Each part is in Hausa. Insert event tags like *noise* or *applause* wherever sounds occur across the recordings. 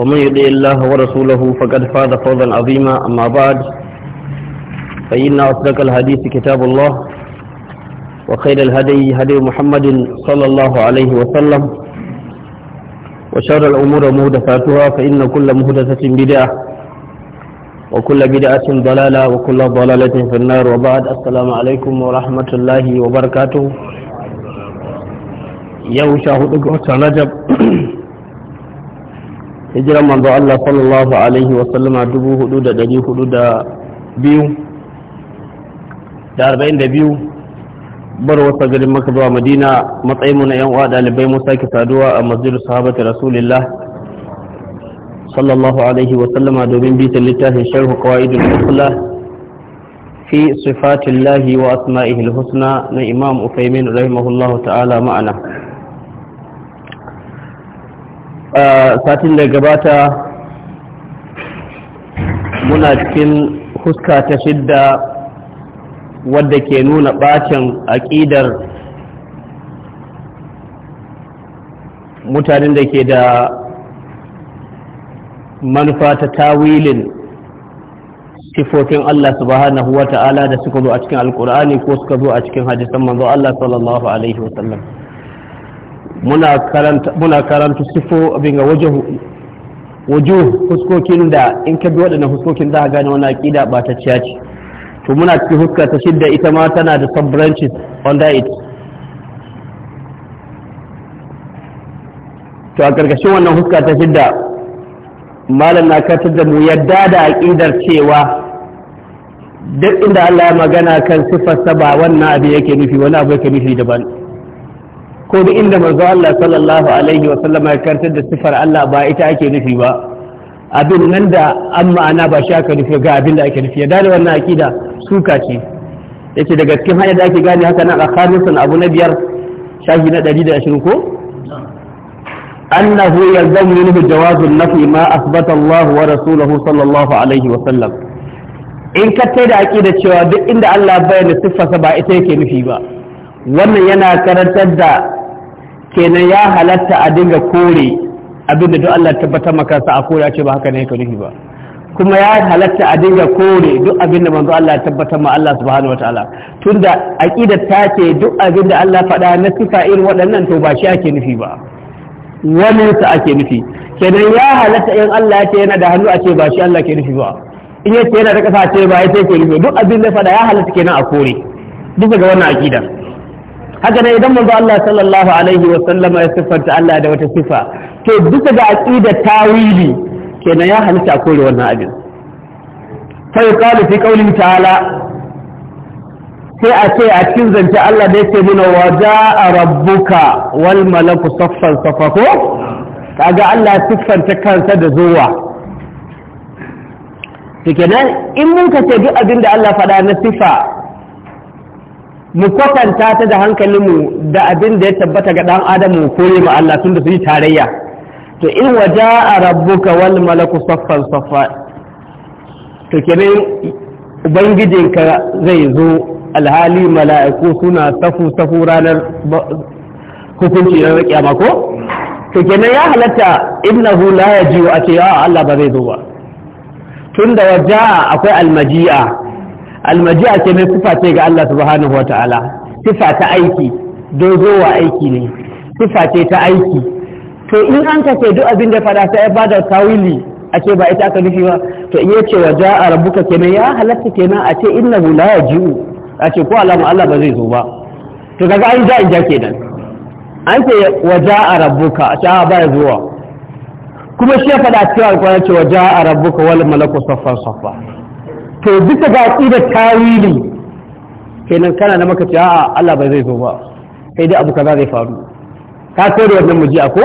ومن يطع الله ورسوله فقد فاز فوزا عظيما أما بعد فإن أصدق الحديث كتاب الله وخير الهدي هدي محمد صلى الله عليه وسلم وشر الأمور مهدفاتها فإن كل مهدفة بدعة وكل بدعة ضلالة وكل ضلالة في النار وبعد السلام عليكم ورحمة الله وبركاته يوم شاهد رجب hijiran manzo Allah sallallahu alaihi wa sallama dubu hudu da dari hudu da biyu da arba'in da biyu bar wasa garin maka zuwa madina matsayinmu na yan uwa ɗalibai mu sake saduwa a masjidu sahabati rasulillah sallallahu alaihi wa sallama domin bitan littafin sharhu qawaidul muslah في صفات wa وأسمائه الحسنى na imam رحمه rahimahullahu ta'ala ma'ana. satin da gabata muna cikin huska ta shidda wadda ke nuna bacin aƙidar mutanen da ke da manufa ta tawilin sifofin Allah subhanahu wa ta'ala da suka zo a cikin alkur'ani ko suka zo a cikin hadisan manzo Allah sallallahu alaihi wasallam muna karanta muna karanta sifo abin ga wajahu huskokin da in ka bi waɗannan huskokin za ka gane wannan aqida ba ta ciya ce to muna ci huska ta shidda ita ma tana da sub branches under it to a karkashin wannan huska ta shidda malam na karta da mu yadda da aqidar cewa duk inda Allah ya magana kan sifar saba wannan abu yake nufi wani abu yake nufi daban ko da inda manzo Allah sallallahu alaihi wa sallama ya karantar da sifar Allah ba ita ake nufi ba abin nan da an ma'ana ba shi aka nufi ga abin da ake nufi ya da wannan akida suka ce yace daga cikin hanyar da ake gane haka nan a khamisan abu na biyar shahi na 120 ko annahu yalzamu minhu jawazun nafi ma asbata Allah wa rasuluhu sallallahu alaihi wa sallam in ka tai da akida cewa duk inda Allah bayyana siffarsa ba ita yake nufi ba wannan yana karantar da kenan ya halatta a dinga kore abinda duk Allah tabbatar maka sa a kore a ce ba haka ne ka nufi ba kuma ya halatta a dinga kore duk abinda manzo Allah ya tabbatar ma Allah subhanahu wataala tunda aqidar ta ce duk abinda Allah faɗa na sifa irin waɗannan to ba shi ake nufi ba wani sa ake nufi kenan ya halatta in Allah ya ce yana da hannu a ce ba shi Allah ke nufi ba in ya ce yana da ƙasa a ce ba ya ce ke nufi duk abin da faɗa ya halatta kenan a kore duka ga wannan aqidar haka ne idan manzo Allah sallallahu alaihi wa sallama ya siffanta Allah da wata sifa to duka ga aqida tawili kenan ya halitta kore wannan abin fa yuqalu fi qawlihi ta'ala sai a ce a cikin zance Allah da yake nuna waja'a rabbuka wal malaku saffan safako kaga Allah siffanta kansa da zuwa to kenan in mun ka ce duk abin da Allah faɗa na sifa mu kwatanta ta da hankalinmu da abin da ya tabbata ga dan adam mu kore ma Allah tunda su yi tarayya to in waja'a rabbuka wal malaku saffan saffa to kenan ubangijinka zai zo alhali mala'iku suna safu safu ranar hukunci na kiyama ko to kenan ya halatta innahu la yaji'u a ce ya Allah ba zai zo ba tunda waja'a akwai almaji'a almaji'a ce mai kufa ce ga Allah subhanahu wata'ala kufa ta aiki dozowa aiki ne kufa ce ta aiki to in an ce duk abin da fada ta ba da tawili a ce ba ita aka nufi ba to iya ce wa ja'a rabbuka kenan ya halatta kenan a ce hula ya ji'u? a ce ko alama Allah ba zai zo ba to kaga an ja in ja kenan an ce wa ja'a rabbuka a ce ba ya zuwa kuma shi ya fada cewa alƙur'ani ce wa ja'a rabbuka wal malaku saffan saffa to bisa ga aqidar tawili kenan kana na maka ce a'a Allah ba zai zo ba sai dai abu kaza zai faru ka kore wannan muji ko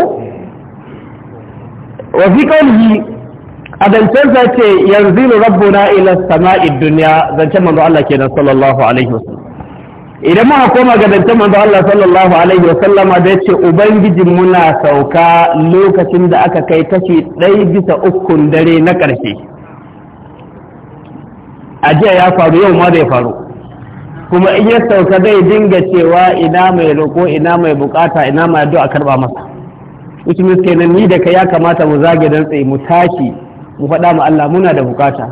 wa fi qawlihi adantar sa ce yanzu rabbuna ila sama'i dunya zance manzo Allah kenan sallallahu alaihi wasallam idan muka koma ga zance manzo Allah sallallahu alaihi wasallama da yace ubangijin muna sauka lokacin da aka kai kashi ɗaya bisa ukun dare na ƙarshe a jiya ya faru yau ma zai faru kuma in ya sauka zai dinga cewa ina mai roƙo ina mai bukata ina mai addu'a karba masa which means nan ni da kai ya kamata mu zage dan mu tashi mu faɗa ma Allah muna da bukata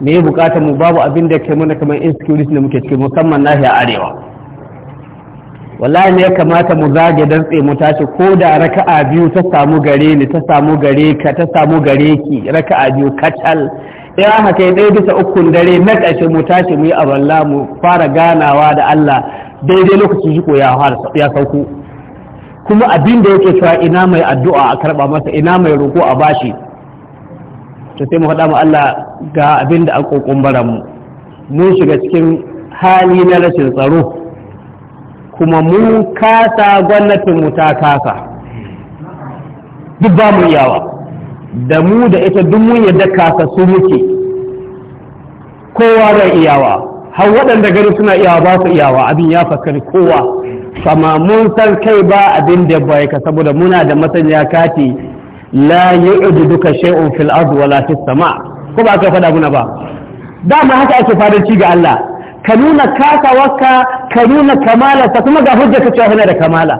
me ya bukata mu babu abin da kai muna kamar insecurity da muke ciki musamman nahiya arewa wallahi ne ya kamata mu zage dan mu tashi ko da raka'a biyu ta samu gare ni ta samu gare ka ta samu gare ki raka'a biyu kacal sai aka kai ɗaya bisa ukun dare na ƙarshe mu tashi mu yi aballa mu fara ganawa da Allah daidai lokacin shi ya sauko kuma abin da yake cewa ina mai addu'a a karɓa masa ina mai roƙo a bashi to sai mu faɗa mu Allah ga abin da an kokon mu mun shiga cikin hali na rashin tsaro kuma mu kasa gwamnatin mu ta kasa duk ba mu yawa da mu da ita duk mun yadda su muke kowa da iyawa har waɗanda gari suna iyawa ba su iyawa abin ya fakari kowa sama mun san kai ba abin da bai ka saboda muna da masanya kati la yu'du duka shay'un fil ardi wala fis sama ko ba ka faɗa muna ba dama haka ake ci ga Allah ka nuna waka ka nuna kamala ta kuma ga hujja ka cewa da kamala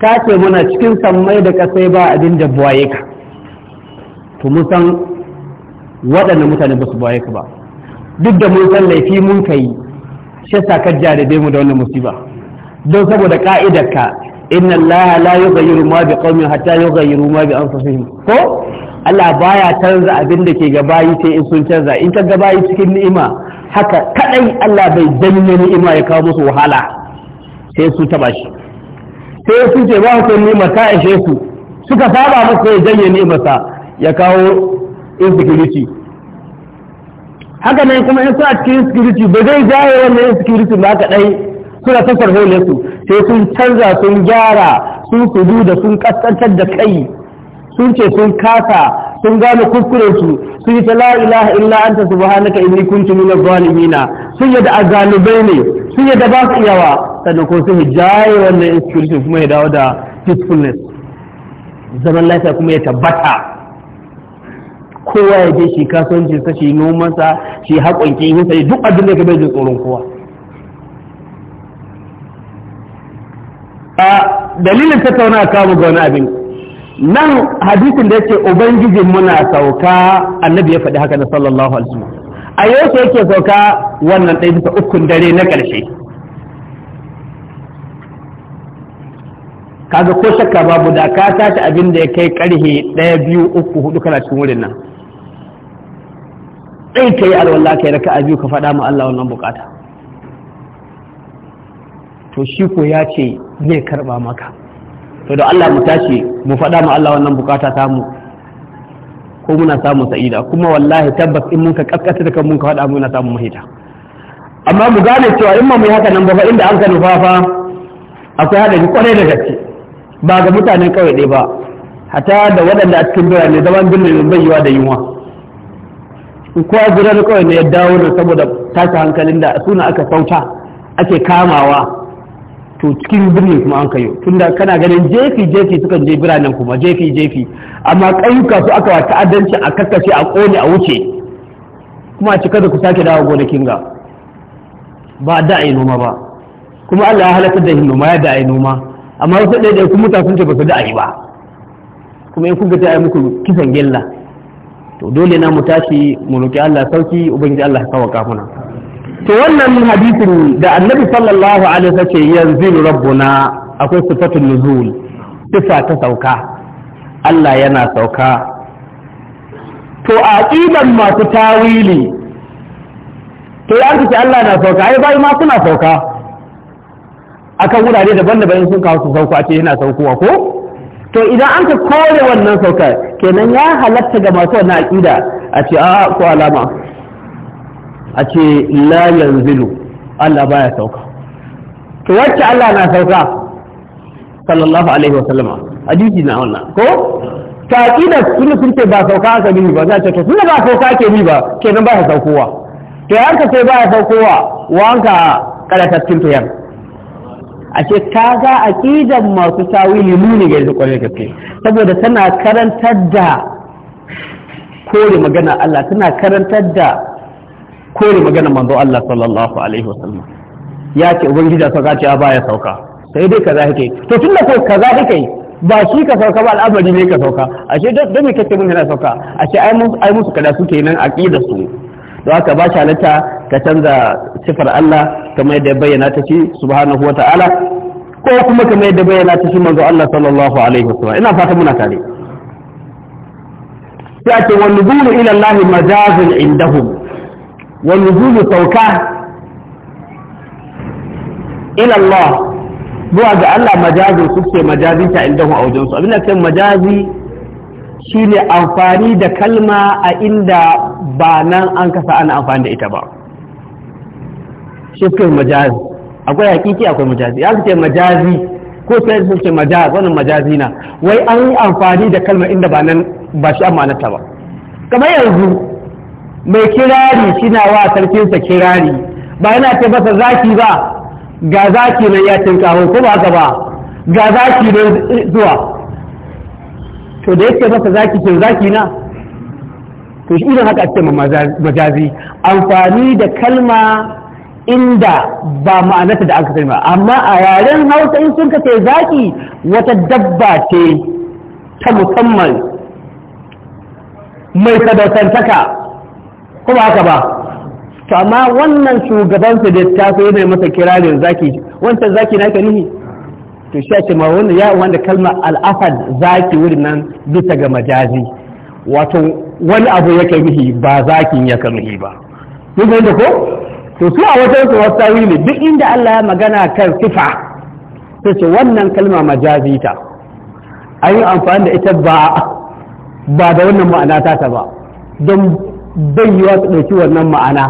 ka ce muna cikin sammai da kasai ba abin da buwaye ka to mun san waɗannan mutane ba su baye ka ba duk da mun san laifi mun kai shi ka jarabe mu da wannan musiba don saboda ka inna allaha la yughayyiru ma bi qaumin hatta yughayyiru ma bi anfusihim ko Allah baya canza abin da ke gabayi sai in sun canza in ka gabayi cikin ni'ima haka kadai Allah bai janye ni'ima ya kawo musu wahala sai su taba shi sai su ce ba ku ni'ima ta ishe su suka saba musu ya janye ni'imarsa ya kawo insecurity haka nan kuma in suna cikin insecurity ba zai jaye wannan insecurity ba kaɗai suna ta hole su sai sun canza sun gyara sun kudu da sun kasantar da kai sun ce sun kasa sun gane su sun yi ta la ilaha illa anta subhanaka inni kuntu min zalimina sun a galibai ne sun yadda ba su iyawa sannan ko sun jaye wannan insecurity kuma ya dawo da peacefulness zaman lafiya kuma ya tabbata kowa ya je shi kasuwanci sa shi noman sa shi haƙonki, kihin sa duk abin da ya bai jin tsoron kowa a dalilin tattauna kawo ga wani abin nan hadisin da yake ubangijin muna sauka annabi ya faɗi haka na sallallahu alaihi a yau yake sauka wannan ɗaya bisa ukun dare na ƙarshe kaga ko shakka babu da ka tace abin da ya kai ƙarhe ɗaya biyu uku hudu kana cikin wurin nan sai ka yi alwallah ka yi raka a biyu ka faɗa ma Allah wannan bukata to shi ko ya ce zai karɓa maka to da Allah mu tashi mu faɗa ma Allah wannan bukata ta mu ko muna samun sa'ida kuma wallahi tabbas in mun ka kaskata da kan mun ka faɗa muna samun mahita amma mu gane cewa in ma yi haka nan ba fa inda an ka nufa fa akwai haɗari kwarai da gaske ba ga mutanen kawai ɗaya ba hata da waɗanda a cikin birane zaman birnin bai yiwa da yunwa ko na kawai ne ya dawo da saboda tashi hankalin da suna aka sauta ake kamawa to cikin birnin kuma an kayo tunda kana ganin jefi jefi sukan je biranen kuma jefi jefi amma ƙauyuka su aka wa ta'addanci a kakkace a ƙone a wuce kuma a cika da ku sake dawa gonakin ga ba da a noma ba kuma Allah ya halatta da noma ya da a noma amma wasu ɗaya da kuma mutane sun ce ba su da a yi ba kuma in kun ga ta yi muku kisan gilla to dole na mu tashi mu roki Allah sauki ubangiji Allah ya kawaka muna to wannan hadisin da annabi sallallahu alaihi wasallam yanzu rabbuna akwai sifatul nuzul sifa ta sauka Allah yana sauka to a aqidan masu tawili to ya ce Allah na sauka ai bai ma suna sauka akan wurare daban-daban sun kawo su sauko a ce yana saukowa ko to idan an ka kore wannan sauka kenan ya halatta ga masu wannan aƙida a ce a ko alama a ce la yanzilu Allah baya sauka to wacce Allah na sauka sallallahu alaihi wa sallama hadisi na wannan ko ta aƙida sun sun ce ba sauka aka bi ba za ta to sun ba sauka ke bi ba kenan baya saukowa to ka sai baya saukowa wanka karatattun to yan. a ce a ƙidan masu tawili nuni ga su ƙwarar gaske saboda tana karantar da kore magana Allah tana karantar da kore magana manzo Allah sallallahu alaihi wasallam ya ce ubangiji sauka ce a baya sauka sai dai kaza yake to tunda ko kaza yake ba shi ka sauka ba al'amari ne ka sauka A ce don me kake mun yana sauka A ce ai musu kada suke nan aqidar su za ka ba shi halatta ka canza sifar Allah kamar yadda bayyana ta shi subhanahu wa ta'ala ko kuma kamar yadda bayyana ta shi manzo Allah sallallahu alaihi wasallam ina fata muna tare sai ake wa nuzulu ila Allah majazun indahum wa nuzulu sauka ila Allah zuwa ga Allah majazin suke ce majazinta indahum a wajensu abin da ce majazi shine amfani da kalma a inda ba nan an kasa ana amfani da ita ba shifkin majazi akwai hakiki akwai majazi ya ce majazi ko sai sun ce majazi wannan majazi na wai an yi amfani da kalma inda ba nan ba shi amanata ba kamar yanzu mai kirari shina wa sarkinsa kirari ba yana ce masa zaki ba ga zaki nan ya kawo ko ba ga ba ga zaki nan zuwa to da yake masa zaki ce zaki na to shi idan haka ake majazi amfani da kalma inda ba ma'anarta da aka ba. amma a yaren hausa in sun kace zaki wata dabba ce ta musamman mai sadaukantaka kuma haka ba to amma wannan shugabansa su da ta so mai masa kirarin zaki wancan zaki na ke nihi to shi ce ma wannan ya wanda kalmar al'asad zaki wurin nan bisa ga majazi wato wani abu ya kai mihi ba zakin ya kai mihi ba duk da ko to su a wajen su wasu ne duk inda Allah ya magana kan sifa sai ce wannan kalma majazi ta an yi amfani da ita ba ba da wannan ma'ana ta ta ba don yi wasu ɗauki wannan ma'ana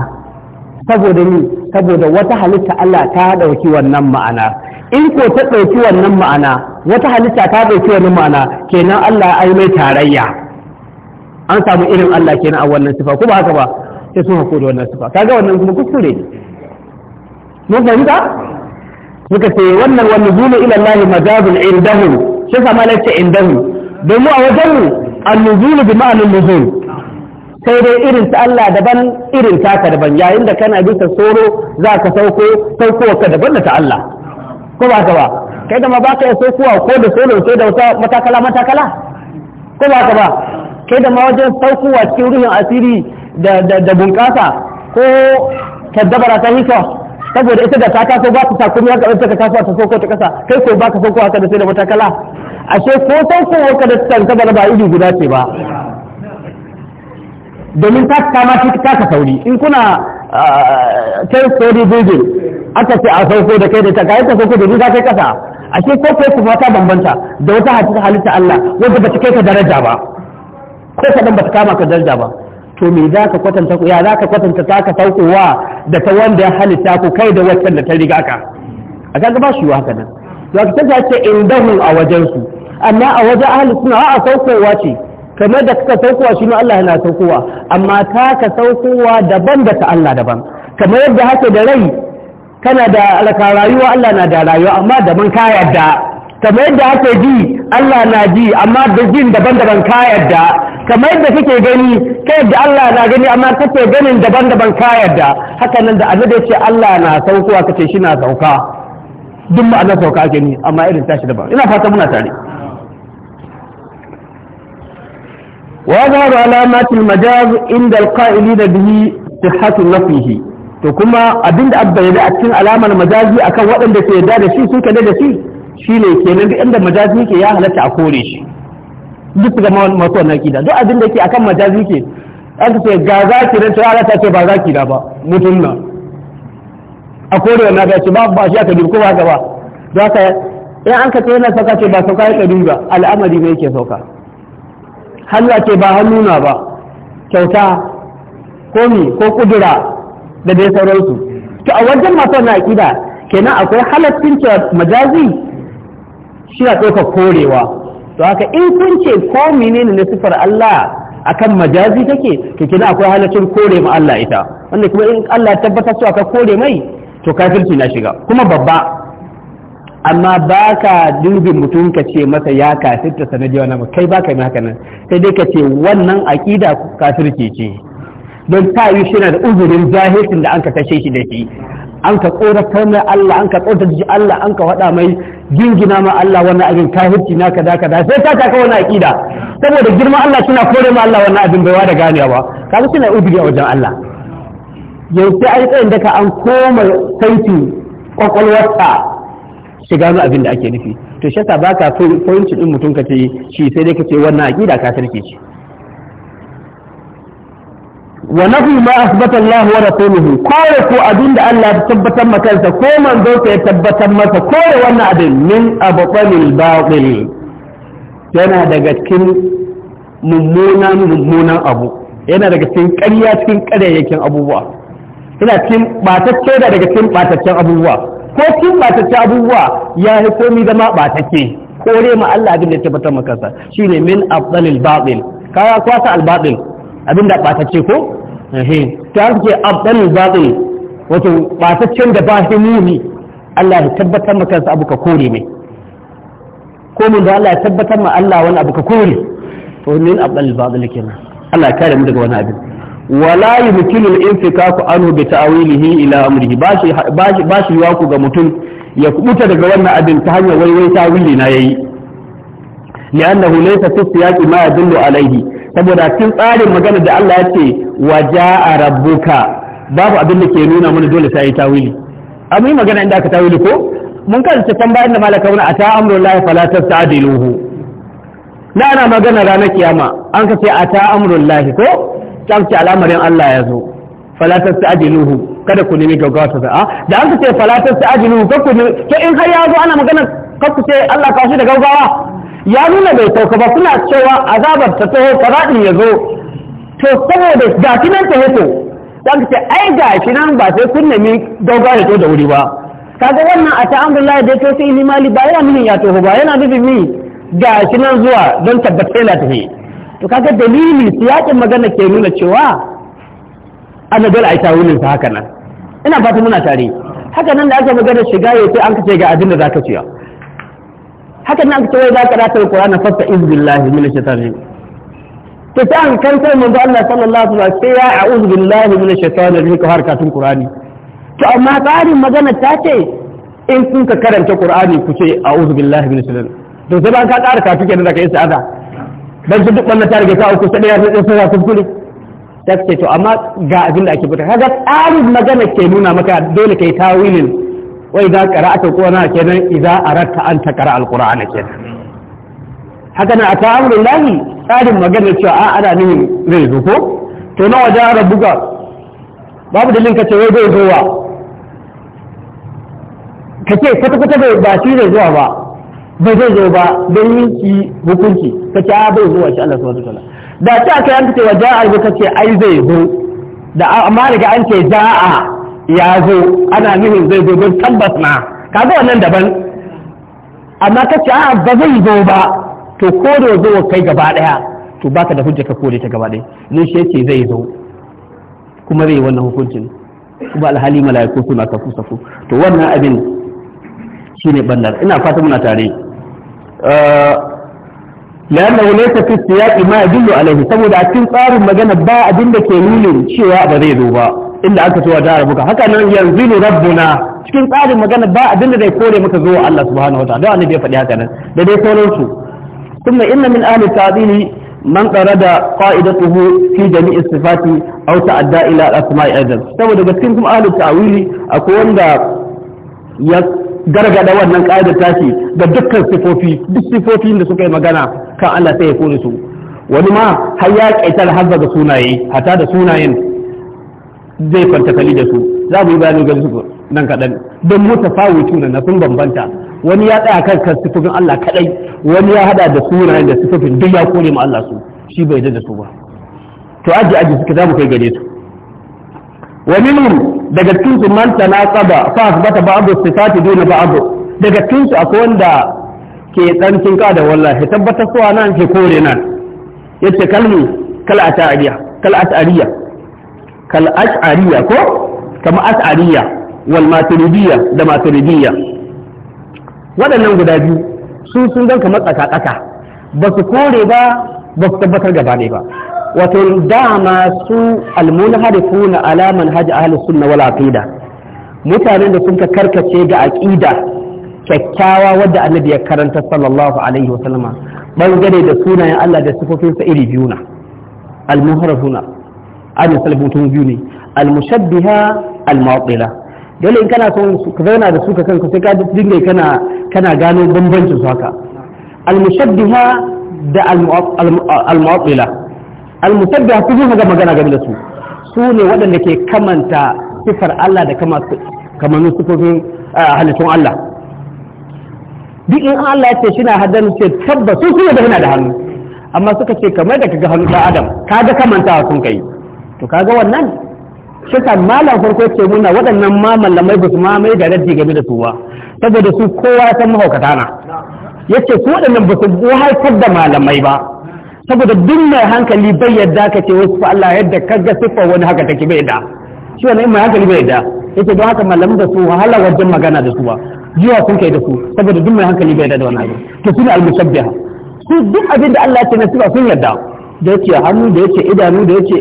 saboda ni saboda wata halitta Allah ta ɗauki wannan ma'ana in ko ta ɗauki wannan ma'ana wata halitta ta ɗauki wannan ma'ana kenan Allah ai mai tarayya an samu irin Allah kenan a wannan sifa ko ba haka ba sai sun hako da wannan sifa kaga wannan kuma kuskure mun fahimta muka ce wannan wannan zuna ila Allah majazun indahu, shi sama lace indahu don mu a wajen mu annuzulu bi ma'anin nuzul sai dai irin ta Allah daban irin taka daban yayin da kana bisa soro za ka sauko sauko ka daban da ta Allah ko ba ka ba kai da ma ba ka yi saukowa ko da solo sai da wata matakala matakala ko ba ka ba kai da ma wajen saukowa cikin ruhin asiri da bunƙasa ko kaddabara ta hika saboda ita da ta taso ba ta sa kuma haka ka kasuwa ta sauko ta kasa kai ko ba ka sauko haka da sai da matakala ashe ko saukowa ka da tantabara ba iri guda ce ba domin ta kama ta ka sauri in kuna ta ah, ah, ah, sauri building aka ce a sauko da kai da ta kai ta sauko da ni kai kasa ashe ko kai kuma ta bambanta da wata hadisi halitta Allah wanda ba ta kai ka daraja ba ko kadan ba ta kama ka daraja ba to me za ka kwatanta ya za ka kwatanta ta ka saukowa da ta wanda ya halitta ku kai da waccan da ta riga ka a kaga ba shi wa haka nan to ka ta ce indahu a wajen su amma a wajen ahli suna a saukowa ce kamar da ka saukowa shi ne Allah yana saukowa amma ta ka saukowa daban da ta Allah daban kamar yadda hake da rai kana da alaka rayuwa Allah na da rayuwa amma daban ka yarda kamar yadda ake ji Allah na ji amma da jin daban-daban ka yarda kamar yadda kake gani ka yadda Allah na gani amma kake ganin daban-daban ka yarda haka nan da annabi ya ce Allah na saukowa kace shi na sauka duk ma'anar sauka ake ni amma irin tashi daban ina fata muna tare ويظهر alamatul majaz inda alqa'ilina bihi sihhatu نفيه to kuma abinda abba ya a cikin alamar majazi akan waɗanda ke yarda da shi sun kada da shi ke kenan duk inda majazi ke ya halatta a kore shi duk ga masu wannan kida duk abinda ke akan majazi ke an ce ga za ki nan ta ala ta ce ba za ki da ba mutum na a kore wannan ga ce ba ba shi aka dirko ba gaba don haka in an ka ce yana sauka ce ba sauka ya kadu ba al'amari ne yake sauka hannu ce ba hannu na ba kyauta ko ko kudura da dai sauransu to a wajen masu na akida kenan akwai halaccin cewa majazi shi na tsofa korewa to haka in kun ce ko menene ne sifar Allah akan majazi take to kenan akwai halaccin kore ma Allah ita wanda kuma in Allah tabbatar cewa ka kore mai to kafirci na shiga kuma babba amma ba ka dubin mutum ka ce masa ya kafirta sanadiyar wani kai ba ka yi haka nan sai dai ka ce wannan aƙida kafirci ce don ta yi shi da uzurin jahilcin da an ka tashe shi da shi an ka tsoratar mai Allah an ka tsoratar shi Allah an ka faɗa mai jingina ma Allah wannan abin kafirci na kaza kaza sai ta taka wani aƙida saboda girman Allah suna kore ma Allah wannan abin baiwa da ganewa ba kaga suna ubiri a wajen Allah yanzu ai tsayin ka an koma saiti kwakwalwarsa shiga mu abin da ake nufi to shi yasa baka fahimci din mutum ce shi sai dai ka ce wannan aƙida ka sarki shi wa nafi ma asbata Allah wa rasuluhu kore ko abin da Allah ya tabbatar maka kansa ko manzo ya tabbatar masa kore wannan abin min abqalil batil yana daga cikin mummunan mummunan abu yana daga cikin ƙarya cikin ƙaryayyakin abubuwa yana cikin batacce da daga cikin bataccen abubuwa ko cikin bataccen abubuwa ya yi komi zama batacce kore ma Allah abin da ya tabbatar maka kansa shine min abdalil batil kaya kwasa al batil abin da batacce ko ta ce abdal batil wato bataccen da ba shi muni Allah ya tabbatar ma kansa abu ka kore mai ko mun da Allah ya tabbatar ma Allah wani abu ka kore to min abdal batil kenan Allah kare mu daga wani abin wala yumkinu al-infikaku anhu bi ta'wilihi ila amrihi bashi bashi bashi yaku ga mutum ya kubuta daga wannan abin ta hanyar waiwai tawili na yayi li'annahu laysa fi siyaqi ma yadullu alayhi saboda cikin tsarin magana da Allah ya ce wa jaa rabbuka babu abin da ke nuna mana dole sai tawili amma magana inda aka tawili ko mun kan ce san bayan da malaka wani ata amrullahi fala tasta'diluhu na ana magana ranar kiyama an ka ce ata lahi, ko ta ce al'amarin Allah ya zo fala tasta'diluhu kada ku nemi gaggawa ta za'a da an ka ce fala tasta'diluhu kada ku to in har ya zo ana magana kada ku ce Allah ka shi da gaggawa ya nuna bai sauka ba suna cewa azabar ta taho faradin ya zo to saboda ga shi nan ta hito don ce ai ga shi nan ba sai kun nemi dogon hito da wuri ba kaga wannan a ta'amun lahi da to sai limali ba yana nuna ya taho ba yana nufin ni ga shi nan zuwa don tabbatai na tafi to kaga dalili siyakin magana ke nuna cewa annabal a ta wunin sa haka nan ina fata muna tare haka nan da aka magana shiga ya ce an kace ga abin da zaka ciya haka nan aka ce wai za ka rata alqur'ana fasta izbillahi min shaitani to ta an kantar manzo Allah sallallahu alaihi wasallam sai ya a'udhu billahi min shaitani rajim ka har katun qur'ani to amma tsarin magana ta ce in kun ka karanta qur'ani ku ce a'udhu billahi min shaitani to sai ba ka ƙara kafi kenan da ka yi sa'ada dan su duk wanda ta rige ka uku sai ya sai sai kuskure ta ce to amma ga abin da ake fita kaga tsarin magana ke nuna maka dole kai tawilin wa idza qara'ata qur'ana kenan idza aratta an ta taqra ke kenan haka na ata lahi tsarin magana cewa a ana ne zai zo ko to na waje ara buga babu dalilin ka ce wai zai zo wa ka ce kwata kwata bai ba shi zai zuwa ba bai zai zo ba don yanki hukunci ka ce a bai zuwa shi Allah subhanahu wataala da ta kai an ce waje ara buga ce ai zai zo da amma daga an ce za'a. ya zo ana nufin zai zo don tabbas na kaga wannan daban amma ka ce a ba zai zo ba to ko da zo kai gaba daya to baka da hujja ka kore ta gaba daya ne shi yake zai zo kuma zai wannan hukuncin kuma alhali mala'iku suna kafu safu to wannan abin shine bandar ina fata muna tare لأنه ليس في السياق ما يدل عليه سبب أكين صار مجانا با ke nuna cewa ba zai zo ba. inda aka ce wa da rabuka haka nan yanzu ne rabbuna cikin tsarin magana ba abinda zai kore maka zuwa Allah subhanahu wataala don annabi ya faɗi haka nan da dai su kuma inna min ahli ta'dili man qarada qa'idatuhu fi jami'i sifati aw ta'adda ila asma'i adam saboda ga cikin kuma ahli ta'wili akwai wanda ya gargada wannan ka'idar tashi ga dukkan sifofi duk sifofin da suka yi magana kan Allah sai ya kore su wani ma har ya kaitar har sunaye hata da sunayen zai kwantakali da su za mu yi bayanin ga su nan kaɗan don mu tafawu tunan na sun bambanta wani ya tsaya kan kan sifofin Allah kaɗai wani ya hada da sunayen da sifofin duk ya kore ma Allah su shi bai da su ba to aji aji suka za mu kai gare su wa minhum daga cikin su man tanaqaba fa asbata ba'd sifati duna ba'd daga cikin su akwai wanda ke tsancin ka da wallahi tabbatar suwa nan kore nan yace kalmi kal kal ko kama ash'ariya wal maturidiyya da maturidiyya waɗannan guda biyu sun sun gan kamar tsaka tsaka ba su kore ba ba su tabbatar gaba ne ba wato dama su almunharifuna ala manhaj ahlus sunna wal aqida mutanen da sun ka karkace ga aqida kyakkyawa wadda annabi ya karanta sallallahu alaihi wasallama bangare da sunayen Allah da sifofinsa iri biyu na almunharifuna ajin salaf mutum biyu ne al-mushabbiha al-mu'attila dole in kana son ka zauna da su ka kanka sai ka dinga kana kana gano bambancin su haka al-mushabbiha da al-mu'attila al-mushabbiha kuma ga magana game da su su ne waɗanda ke kamanta sifar Allah da kamannin sifofin halittun Allah duk in Allah ya ce shi na haddan ce tabbas su suna da yana da hannu amma suka ce kamar da kaga hannu ɗan adam kaga kamanta sun kai to kaga wannan shi malam farko ce muna waɗannan ma mallamai ba su ma mai da raddi game da tuwa saboda su kowa ya san mahaukata na yace su waɗannan ba su haifar da malamai ba saboda duk mai hankali bai yadda ka ce wasu Allah yadda kaga siffa wani haka take bai yadda shi wannan mai hankali bai yadda yace don haka malamin da su wahala wajen magana da su ba jiwa sun kai da su saboda duk mai hankali bai yadda da wannan to su ne al-mushabbiha su duk abin da Allah ya ce na sifa sun yadda da yake hannu da yake idanu da yake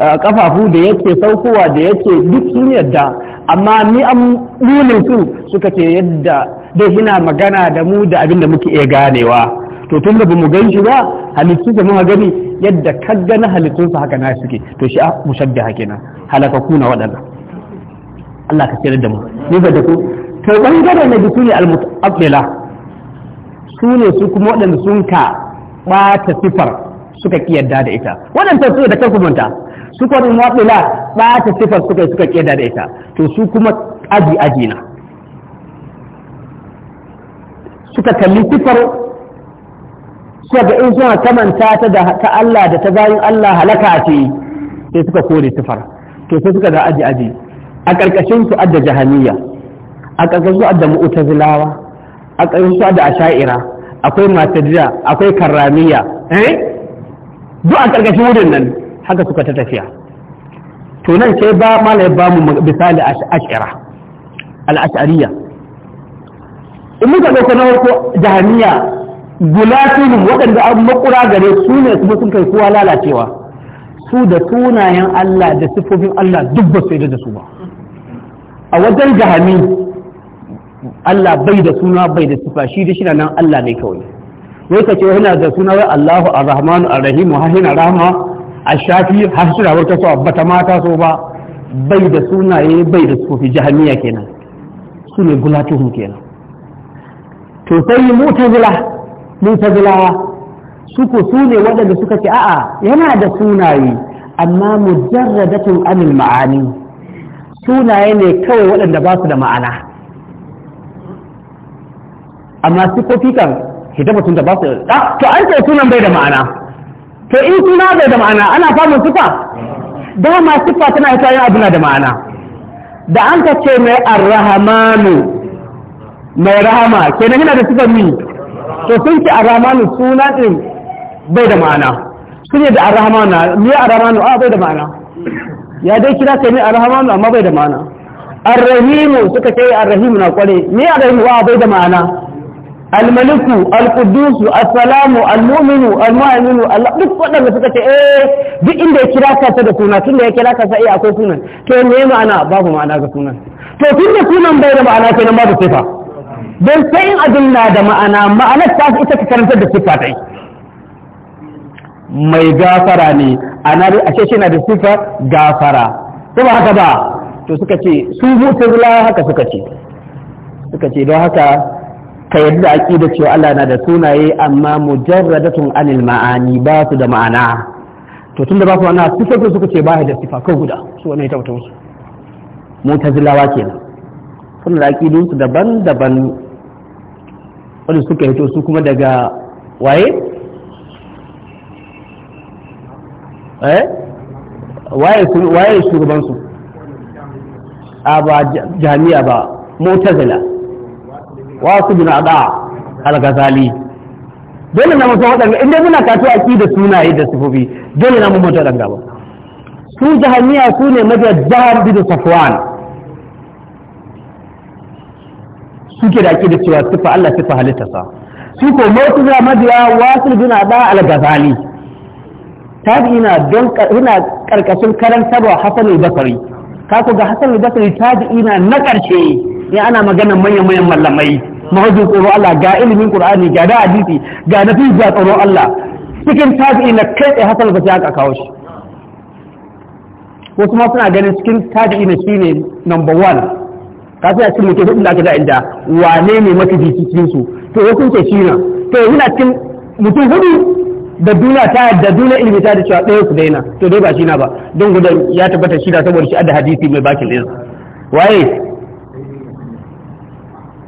Eh, kafafu da yake saukowa da yake duk sun yadda amma ni an nunin su suka ce yadda da hina magana da mu da abin da muke iya ganewa to tun da bamu gan shi ba halittu da muka gani yadda ka gani halittun su haka na suke to shi a mushabbiha kenan halaka kuna waɗannan Allah ka tsira da mu ni ba da ku to bangare na bi ne al-mutabbila su ne su kuma waɗanda sun ka ɓata sifar suka ki yadda da ita waɗanda su da kanku manta waɗula ba ta sifar suka suka ƙeda da ita to su kuma aji aji na suka kalli sifar suka ga in suna kamanta ta da ta Allah da ta bayin Allah halaka ce sai suka kore sifar to sai suka da aji aji a ƙarƙashin su adda jahaniya a ƙarƙashin su adda mu'tazilawa a ƙarƙashin su adda asha'ira akwai matajiya akwai karramiya eh duk a ƙarƙashin wurin nan haka suka ta tafiya to nan sai ba malai ya bamu misali ash'ira al-ash'ariyya in muka dauka na farko jahaniya gulatun waɗanda an makura gare su ne kuma sun kai kowa lalacewa su da sunayen Allah da siffofin Allah duk ba su yi da su ba a wajen jahani Allah bai da suna bai da siffa shi da shina nan Allah ne kawai wai ka yana da suna wai Allahu ar-Rahmanu ar-Rahim wa hina rahma a shafi har shi rawar kasuwa ba ta mata so ba bai da sunaye bai da sufi jahamiya kenan su ne gulatuhun kenan to sai ta zula su ko su ne waɗanda suka ce a'a yana da sunaye amma mujarradatun amil ma'ani sunaye ne kawai waɗanda ba su da ma'ana amma kofi kan hita batun da ba su da ah, to an ce sunan bai da ma'ana to in suna bai da ma'ana ana samun sifa dama sufa tana hita yin abu na da ma'ana da an ka ce mai arrahamanu mai rahama kenan yana da sifar mi to sun ce arrahamanu suna din bai da ma'ana sun yi da arrahamanu ne arrahamanu a bai da ma'ana ya dai kira ce ne arrahamanu amma bai da ma'ana arrahimu suka ce arrahimu na kware ne arrahimu a bai da ma'ana almaliku alkudusu assalamu almuminu almu'minu Allah duk waɗanda suka ce eh duk inda ya kira ka da suna tunda ya kira ka sai eh akwai sunan to me ma'ana babu ma'ana ga sunan to tunda sunan bai da ma'ana kenan babu sifa don sai in abin na da ma'ana ma'anar ta ita ta karantar da sifa ta mai gafara ne ana a ce shi na da sifa gafara To ba haka ba to suka ce su mu'tazila haka suka ce suka ce don haka ka yadda da cewa Allah na da sunaye amma mujarradatun anil ma'ani ba su da ma'ana to tunda ba su ma'ana sifatu suka ce ba da sifa ko guda su wannan ita wata musu mutazilawa kenan suna da aqidun su daban-daban wani suka hito su kuma daga waye eh? waye su waye shugaban su a ba jami'a ba mutazila wasu bin ada al-ghazali dole na mutum waɗanda inda muna kato a ƙi da sunaye da sifofi dole na mutum waɗanda ba su jahaniya su ne maza jihar bin safwan suke da da cewa sifa Allah sifa sa su ko mutum da mafiya wasu bin ada al-ghazali tabi'ina don ina karkashin karantarwa hasan al-basri kaku ga hasan al-basri tabi'ina na karshe. in ana magana manyan manyan mallamai mahajin tsoro Allah ga ilimin Qur'ani ga da hadisi ga na ga tsoro Allah cikin tabi'i na kai tsaye hasal ba sai aka kawo shi wasu ma suna ganin cikin tabi'i na shi ne number one ka sai a cikin mutum hudu da aka da inda wane ne mafi jiki cikin su to wasu ce shi na to yana cikin mutum hudu da duniya ta da duniya ilimi ta da cewa ɗaya ku daina to dai ba shi na ba don gudan ya tabbata shi da saboda shi adda hadisi mai bakin ɗin waye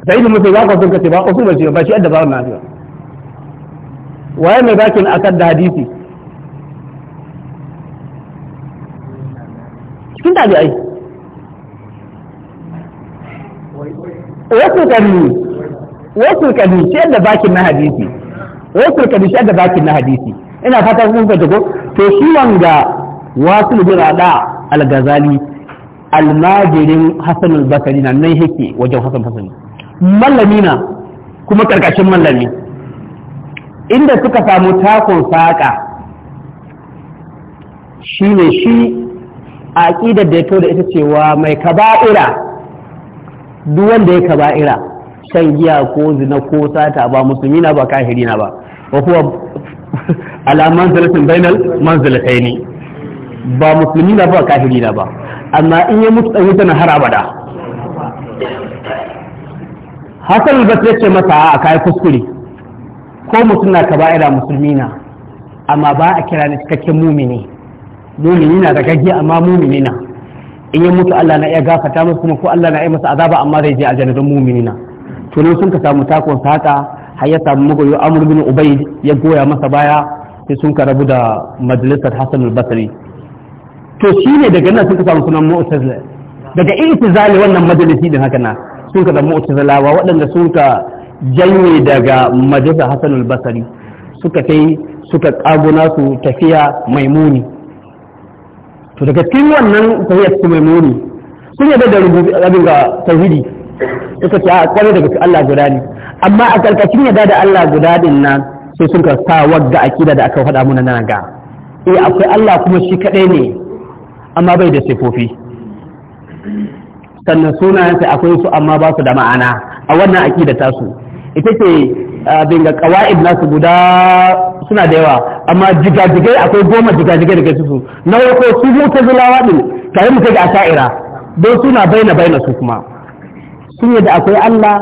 da ibn mutum ba ka son kace ba usul shi ba shi adda ba wannan ba waye mai bakin akad da hadisi cikin tabi'ai wasu kanni wasu kanni shi da bakin na hadisi wasu kanni shi da bakin na hadisi ina fata kun fahimta ko to shi wanga wasu bin da al-ghazali almajirin hasan al-basri nan nan yake wajen hasan basri mallami na kuma karkashin mallami inda suka samu takon saƙa shi ne shi a ƙidar da ya da ita cewa mai kaba'ira duk wanda ya kaba'ira shan giya ko zina ko sata ba musulmi na ba kahiri na ba ba kuwa *laughs* alaman zalatin bainal manzalatai ne ba musulmi na ba kahiri na ba amma in ya mutu ɗan wuta na har hasan al ya ce masa a kai kuskure ko mutum na kaba'ira musulmi na amma ba a kira ni cikakken mumini mumini na da gaggi amma mumini na in ya mutu Allah na iya gafata masa kuma ko Allah na iya masa azaba amma zai je aljanna don mumini na to sun ka samu takon sata har ya samu magoyo Amr bin Ubayd ya goya masa baya sai sun ka rabu da majalisar Hassan al To to shine daga nan sun ka samu sunan Mu'tazila daga itizali wannan majalisi din haka na sun ka zama mu'tazilawa waɗanda sun ka janye daga majalisa hassan albasari suka kai suka kaguna su tafiya maimuni to daga cikin wannan tafiya su maimuni sun yadda da rubutu abin ga tauhidi suka ce a kwarai daga Allah guda ne amma a karkashin yadda da Allah guda din nan sai sun ka sa wagga akida da aka faɗa muna nan ga eh akwai Allah kuma shi kaɗai ne amma bai da sifofi sannan sunayensa akwai su amma ba su da ma'ana a wannan aƙida ta su ita ce binga qawaid nasu guda suna da yawa amma jigajigai akwai goma jigajigai daga su na farko su zula din tare mu kai ga asha'ira don suna baina baina su kuma sun yadda akwai Allah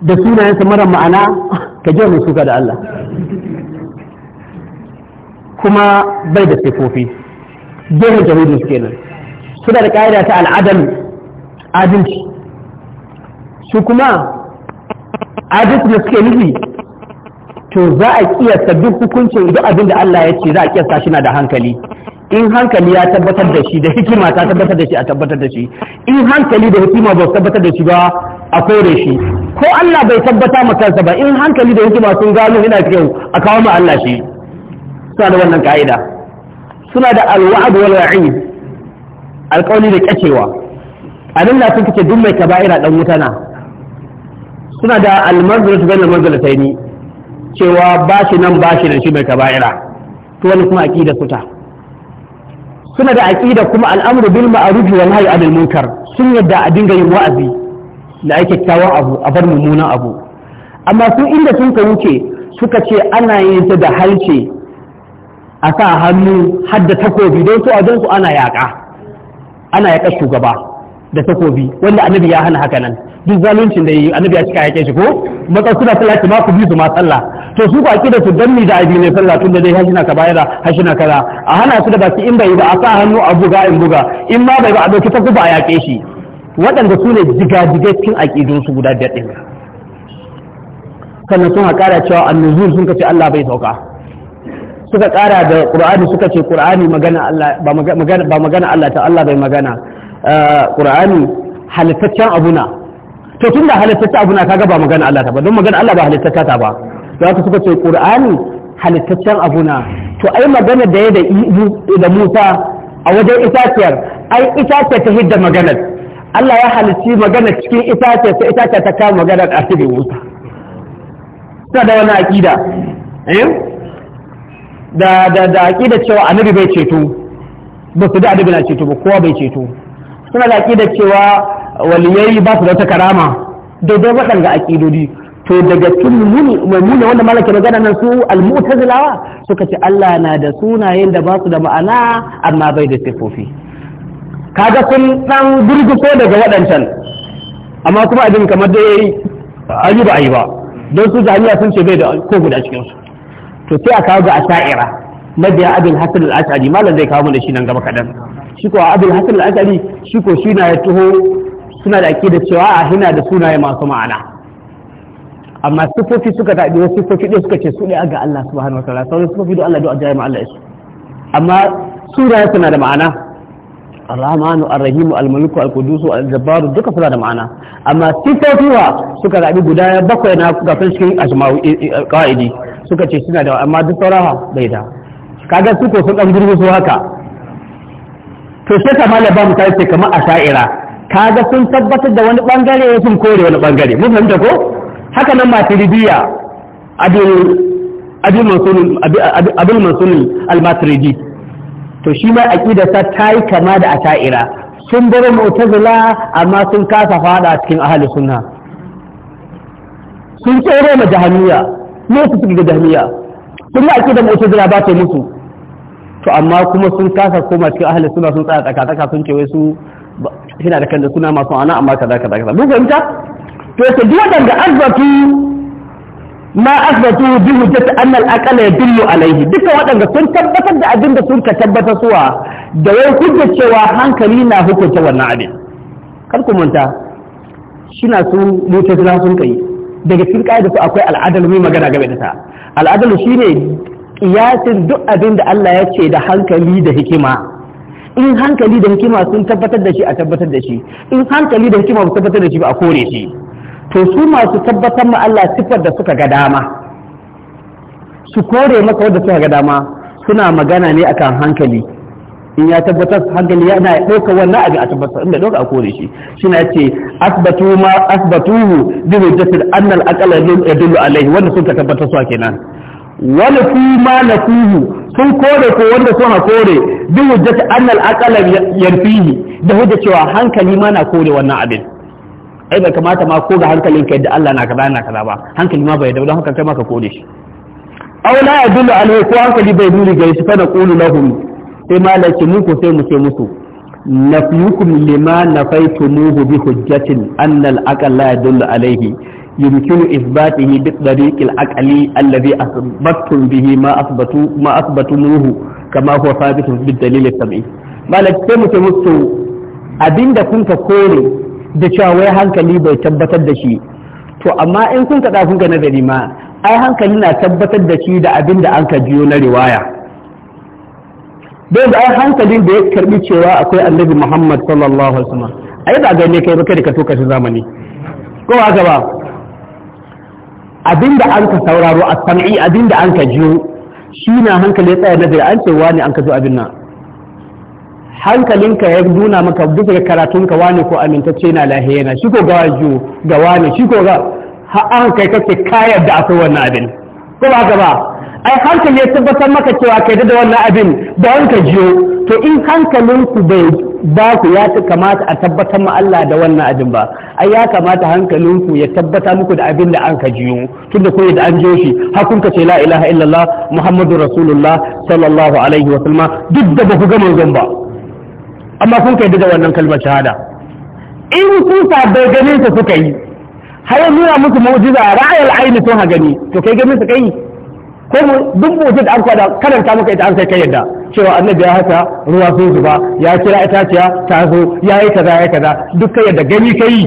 da sunayensa mara ma'ana ka je mu suka da Allah kuma bai da sifofi gehen jahudin su kenan suna da ƙa'ida ta al'adar adalci su kuma adalci da suke nufi to za a kiyasta duk hukuncin duk abin da Allah ya ce za a kiyasta shi na da hankali in hankali ya tabbatar da shi da hikima ta tabbatar da shi a tabbatar da shi in hankali da hikima ba su tabbatar da shi ba a kore shi ko Allah bai tabbata ma kansa ba in hankali da hikima sun gano yana kyau a kawo ma Allah shi suna da wannan ka'ida suna da alwa'ad wal wa'id alƙawari da kyacewa a na sun kace duk mai kaba'ira dan wuta na suna da almanzalatu bain almanzalataini cewa ba shi nan ba shi nan shi mai kaba'ira to wani kuma aqida suta suna da aqida kuma al'amru bil ma'ruf wal nahy anil munkar sun yadda a dinga yin wa'azi da ake kyakkyawan abu a bar mummunan abu amma su inda sun ka wuce suka ce ana yin ta da halce a sa hannu hadda takobi don su a don su ana yaƙa ana yaƙa shugaba da takobi wanda annabi ya hana hakanan, duk zaluncin da yi annabi ya cika yake shi ko matsa suna sallah ma ku bi ma sallah to su ba ki da su danni da abi ne sallah tun da dai hashina ka bayar hashina kaza a hana su da baki in bai ba a sa hannu a buga in buga in ma bai ba a dauki ta kuba a yake shi waɗanda su ne jigajigai cikin aƙidun su guda biyar ɗin sannan sun haƙara cewa annuzul sun kace Allah bai sauka suka kara da qur'ani suka ce qur'ani magana Allah ba magana Allah ta Allah bai magana eh, qur'ani halittaccen abuna to tunda halittaccen abuna kaga ba magana Allah ta ba don magana Allah ba halittacce ta ba to haka suka ce qur'ani halittaccen abuna to ai magana da ya da Musa a wajen itaciyar ai itaciyar ta hidda magana Allah ya halitti magana cikin itaciyar sai itaciyar ta kama magana a cikin Musa ta da wani aƙida. eh da da da aqida cewa annabi bai ceto ba su da annabi na ceto ba kowa bai ceto suna da aqida cewa waliyai ba su da wata karama daidai waɗanda aqidodi to daga muni muni wanda malaka magana nan su almu'tazilawa suka ce Allah na da sunayen da ba su da ma'ana amma bai da sifofi kaga sun dan ko daga waɗancan amma kuma abin kamar dai ayuba ba ayi ba don su jami'a sun ce bai da ko guda cikin su to sai a kawo ga asha'ira mabiya abin hasan al-ash'ari malam zai kawo mana shi nan gaba kaɗan. shi ko abin hasan al-ash'ari shi ko shi na ya taho suna da ake da cewa a ah, hina da sunaye masu ma'ana amma sifofi suka tabi wasu sifofi ɗaya suka ce su ne ga Allah subhanahu wa ta'ala sauran sifofi da Allah da ajiyar ma Allah su amma sunaye suna da ma'ana Al الرحمن Al الملك Al الجبار duka suna da ma'ana amma sifofi wa suka rabi guda bakwai na gasan cikin asma'u eh, eh, qaidi suka ce suna da amma duk saurawa bai da kaga su ko sun dan gurbi su haka to sai ka mala ba misali ce kamar asha'ira kaga sun tabbatar da wani bangare sun kore wani bangare mun fahimta ko haka nan maturidiya abin abin mansuni abin mansuni al matridi to shi ma aqida ta yi kama da a asha'ira sun bar mu'tazila amma sun kasa fada cikin ahli sunna sun tsoro ma jahaniya ne suke da ga jahiliya ake da akidar mu'tazila ba ta musu to amma kuma sun kasa koma cikin ahli suna sun tsaya tsaka tsaka sun ce wai su na da kan da suna masu ana amma kaza kaza kaza mun fahimta to yake duk wadanda azbatu ma azbatu bi hujjati an al-aqala yadullu alayhi duka wadanda sun tabbatar da abin da sun ka tabbata suwa da wai hujja cewa hankali na hukunta wannan abin kar ku manta shina su mutazila sun kai daga cikin da su akwai al'adal mai magana game da ta al'adal ne kiyasin duk abin da Allah ya ce da hankali da hikima in hankali da hikima sun tabbatar da shi a tabbatar da shi in hankali da hikima sun tabbatar da shi ba a kore shi to su masu tabbatar ma Allah sifar da suka ga dama su kore maka wadda suka ga dama suna magana ne akan hankali in ya tabbatar hankali yana ya ɗauka wannan abin a tabbatar inda ɗauka a kore shi shi na ce asbatu ma asbatuhu bi hujjatil anna al aqala yadullu alaihi wanda sun ka tabbatar su kenan wala fi ma nafuhu sun kore ko wanda sun kore bi hujjati anna al aqala yarfihi da hujja cewa hankali ma na kore wannan abin ai bai kamata ma ko ga hankalin ka da Allah na kaza na kaza ba hankali ma bai da don haka kai ma ka kore shi aw la yadullu alaihi ko hankali bai nuni gare shi fa naqulu lahum sai malam ce mu ko sai mu ce musu nafyukum lima nafaitumuhu bi hujjatin anna al-aqal la yadullu alayhi yumkinu ithbatihi bi tariq al-aqli alladhi asbattum bihi ma asbatu ma asbatumuhu kama huwa thabitun bi dalil al-sam'i sai mu ce musu abinda kun ka kore da cewa wai hankali bai tabbatar da shi to amma in kun ka da kun ga nazari ma ai hankali na tabbatar da shi da abinda an ka biyo na riwaya don da ai hankalin da ya karbi cewa akwai annabi muhammad sallallahu alaihi wasallam ai ba gane kai ba kai da ka toka shi zamani ko haka ba abinda an ka sauraro a sam'i abinda an ka jiyo shi na hankali ya tsaya nazari an ce wani an ka zo abin nan hankalinka ya nuna maka da karatun ka wani ko amintacce na na shi ko ga jiyo ga wani shi ko ga har an kai kace kayar da akwai wannan abin ko ba haka ba ai hankali ya tabbatar maka cewa kai da wannan abin da wanka jiyo to in hankalinku bai ba ku ya kamata a tabbatar ma Allah da wannan abin ba ai ya kamata hankalinku ya tabbata muku da abin da an ka jiyo tunda koyi da an jiyo shi har kun ka ce la ilaha illallah muhammadu rasulullah sallallahu alaihi wa sallam duk da ba ku ga manzon ba amma kun kai da wannan kalmar shahada in kun sabai ganin ta suka yi har nuna musu mu'jiza ra'ayal aini sun ha gani to kai ganin su kai ko duk mutum da an kwada karanta maka ita an kai kai yadda cewa annabi ya haka ruwa sun zuba ya kira itaciya ta zo ya yi kaza ya kaza duk kai yadda gani kai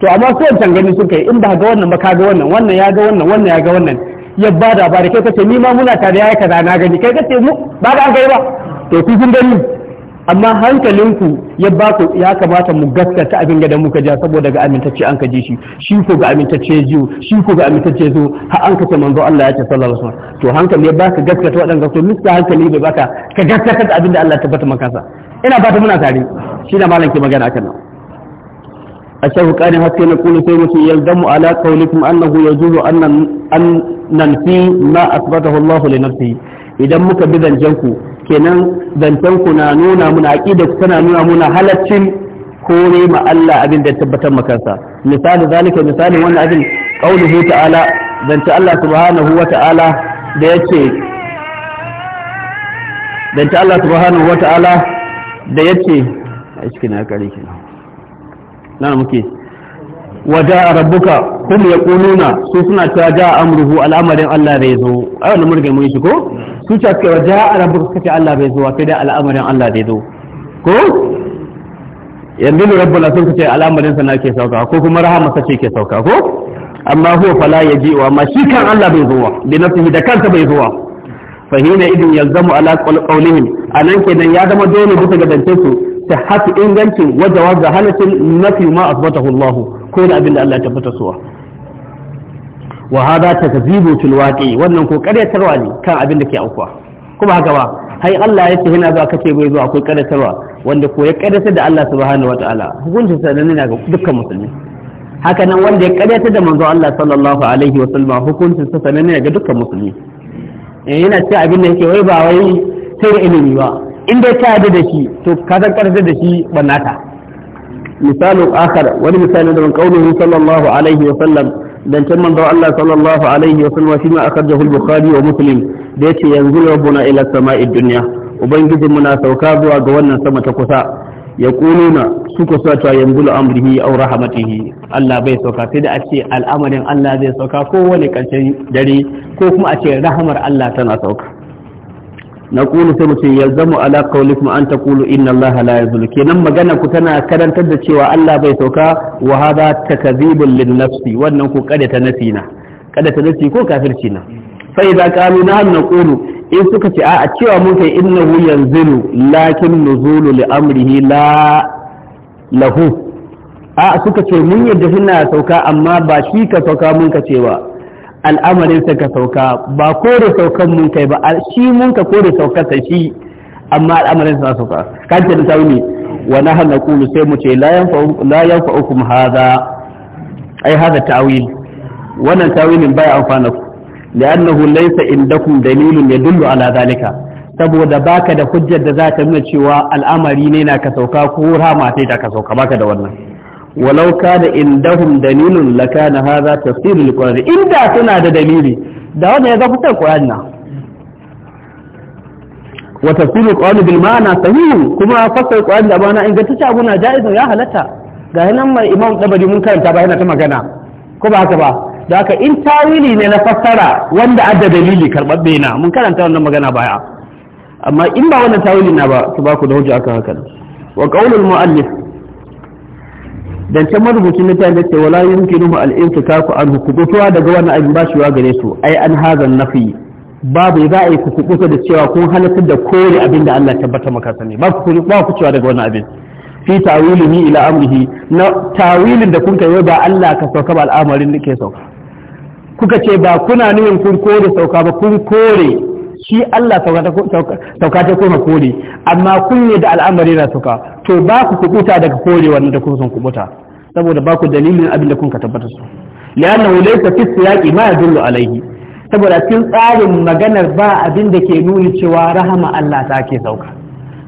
to amma su wancan gani sun kai in ba ga wannan ba ka ga wannan wannan ya ga wannan wannan ya ga wannan ya ba da ba da kai kace ni ma muna tare ya yi kaza na gani kai kace mu ba da an kai ba to ku kun gani amma hankalinku ya ba ku ya kamata mu gaskata abin da muka ja saboda ga amintacce an kaji shi shi ko ga amintacce jiwu, shi ko ga amintacce zo ha an kace manzo Allah ya ce sallallahu alaihi wasallam to hankali ya baka gaskata wadanda to miska hankali bai baka ka gaskata da abin da Allah ya tabbata maka sa ina ta muna tare shi da malam ke magana akan nan a shahu kani haske na kullu sai mutum yalzamu ala qaulikum annahu yajuzu an nan fi ma asbatahu Allah li nafsihi idan muka bi zancen kenan zancen ku na nuna muna aqida ku tana nuna muna halaccin kore ma Allah abin da tabbatar makansa misali zalika misali wannan abin qauluhu ta'ala zance Allah subhanahu wa ta'ala da yace zance Allah subhanahu wa ta'ala da yace a cikin hakari kenan na muke waja rabbuka kuma ya su suna ta ja amruhu al'amarin Allah zai zo ai wannan murgai mun shi ko Tuta ce waje wajen a rabu suka ce Allah bai zuwa sai dai al'amarin Allah bai zo ko yanzu ne rabbul sun ce al'amarin sa ke sauka ko kuma rahama sa ce ke sauka ko amma huwa fala yaji wa ma shi kan Allah bai zuwa bi nafsihi da kansa bai zuwa fa hina idin yalzamu ala qawlihim anan kenan ya zama dole bisa ga dance su ta hasu ingancin wajawa ga halatin nafi ma asbatahu Allah ko da abin da Allah ya tabbata suwa wa hada takzibu til waqi wannan ko karyatarwa ne kan abin da ke aukuwa kuma haka ba hai Allah ya ce yana zuwa kace bai zuwa akwai karyatarwa wanda ko ya karyatar da Allah subhanahu wataala hukuncin sa ne ga dukkan musulmi haka nan wanda ya karyatar da manzo Allah sallallahu alaihi wa sallam hukuncin sa sananne ga dukkan musulmi eh yana ce abin da yake wai ba wai sai ilimi ba Inda ka yarda da shi to ka san karfe da shi bannata Misalu akhar wani misali da kauluhu sallallahu alaihi wa sallam zancen manzo Allah sallallahu alaihi wa sallam shine akhrajahu al-bukhari wa muslim da yace yanzu rabbuna ila sama'i dunya ubangijin muna na sauka zuwa ga wannan sama ta kusa ya kuluna su kusa ta yanzu amrihi aw rahmatihi Allah bai sauka sai da a ce al'amarin Allah zai sauka ko wani karshen dare ko kuma a ce rahmar Allah tana sauka na kulu sai mu ce yalzamu ala qawlikum an taqulu inna Allah la yazlu kenan magana ku tana karantar da cewa Allah bai sauka wa hada takdhibun lin nafsi wannan ku kada ta nafsi na kada ta nafsi ko kafirci na fa idza qalu in suka ce a cewa mun kai innahu yanzilu lakin nuzulu li amrihi la lahu a suka ce mun yarda suna sauka amma ba shi ka sauka mun ka cewa al'amarin ka sauka ba ko da saukan mun kai ba shi mun ka ko da saukar ta shi amma al'amarin sa sauka kan ta ta wuni wa na hana kulu sai mu ce la yanfa hukum hadha ai hadha ta'wil wannan ta'wilin bai amfana ku li'annahu laysa indakum dalilun yadullu ala zalika saboda baka da hujjar da za ta nuna cewa al'amari ne na ka sauka ko rama sai ta ka sauka baka da wannan walau kana indahum dalilun lakana hadha tafsirul qur'ani inda suna da dalili da wanda ya zafi qur'ani na wa tafsirul qur'ani bil ma'ana sahih kuma fasar qur'ani da bana ingantacce abu na jaiz ya halatta ga hinan mai imam dabari mun karanta ba yana ta magana ko ba haka ba da in tawili ne na fassara wanda adda dalili karbabbe na mun karanta wannan magana baya amma in ba wannan tawili na ba su ba ku da hujja akan hakan, wa qaulul mu'allif dan can marubucin littafin da ce wala yumkinuhu al-intikaku an kubutuwa daga wannan abin ba wa gare su ai an hazan nafi babu za a yi ku da cewa kun halatar da kore abin da Allah tabbata maka sani ba ku ba ku cewa daga wannan abin fi ni ila amrihi na tawilin da kun kai ba Allah ka sauka ba al'amarin da ke sauka kuka ce ba kuna nufin kun kore sauka ba kun kore shi Allah sauka ta koma kore amma kun yi da al'amari na suka to ba ku kubuta daga kore wannan da kun sun kubuta saboda ba ku dalilin abin da kun ka tabbatar su liyan wulai ka fi yaƙi ma ya dullu alaihi saboda cikin tsarin maganar ba abin da ke nuni cewa rahama Allah ta ke sauka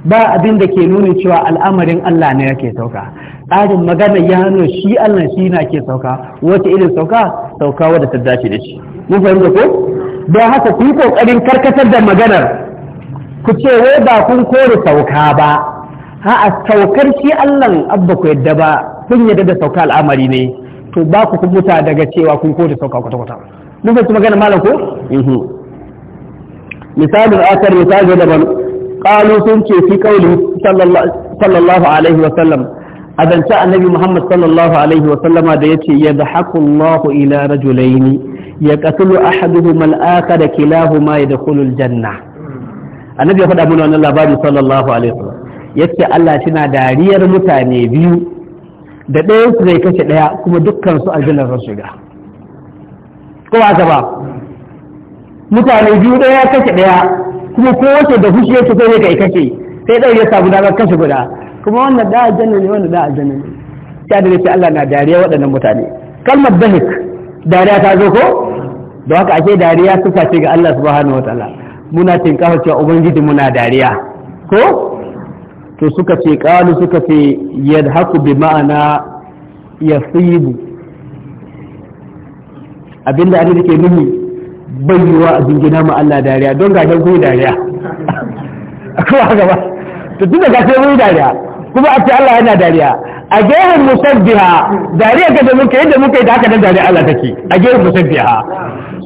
ba abin da ke nuni cewa al'amarin Allah ne yake sauka tsarin maganar ya hannu shi Allah shi na ke sauka wata irin sauka sauka wadda ta dace da shi mun fahimta ko don haka ku yi ƙoƙarin karkatar da maganar ku ce wai ba kun kore sauka ba ha a saukar shi allan abba ku yadda ba kun yadda da sauka al'amari ne to ba ku kubuta daga cewa kun kore sauka kwata-kwata mun fahimci magana malam ko mhm. misalin akar misali daban qalu sun ce fi qauli sallallahu alaihi wa sallam a azanta annabi muhammad sallallahu alaihi wa sallama da ya yace yadhaku Allahu ila rajulaini ya da ahaduhuma al-akhar da kulul janna annabi ya faɗa mana wannan labari sallallahu alaihi wa Ya ce Allah tana dariyar mutane biyu da ɗaya su zai kashe ɗaya kuma dukkan su aljanna zan shiga ko ba ka ba mutane biyu ɗaya kashe ɗaya kuma wace da fushi yake sai kai kashe sai ɗaya ya samu damar kashe guda kuma wannan da aljanna ne wannan da aljanna ne sai da Allah na dariya waɗannan mutane kalmar dahik dariya ta zo ko da haka ake dariya su ce ga Allah subhanahu wataala muna kafa cewa ubangiji muna dariya ko to suka ce qalu suka ce yadhaku bi ma'ana yasibu abinda annabi ke nuni bayyuwa a jingina ma Allah dariya don gashin kuyi dariya akwai *laughs* haka ba to tun da gashin kuyi dariya kuma a ce Allah yana dariya a gehen musabbiha dariya ga da muke yadda muke da haka da dariya Allah take a gehen musabbiha